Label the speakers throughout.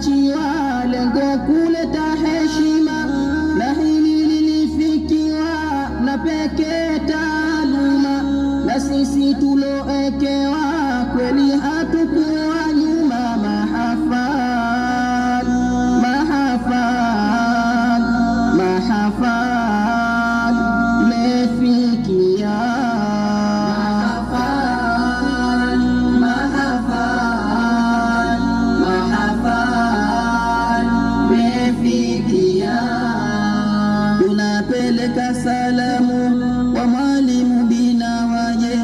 Speaker 1: zingatia lengo kuleta heshima na hili lilifikiwa na peke taaluma na sisi tuloeke
Speaker 2: tasalamu salamu wa mwalimu bina waje,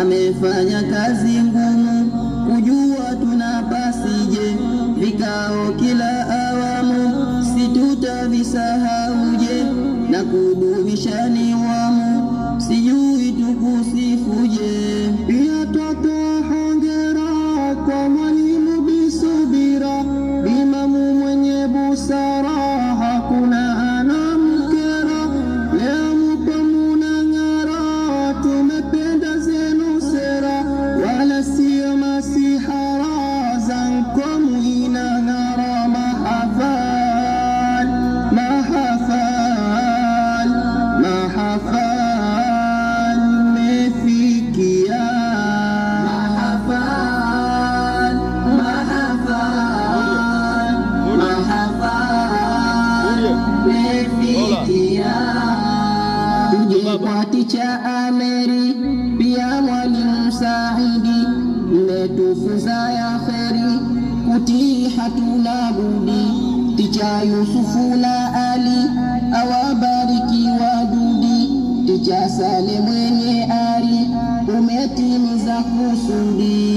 Speaker 2: amefanya kazi ngumu kujua tunapasije, vikao kila awamu situtavisahauje, na kudumisha ni wamu, sijui tukusifuje. Pia kwa mwalimu Bisubira, imamu mwenye hakuna Wakati cha ameri pia mwalimu saidi mmetufunza ya kheri kutii hatuna budi. Ticha Yusufu na Ali awabariki wadudi. Ticha Sale mwenye ari umetimiza kusudi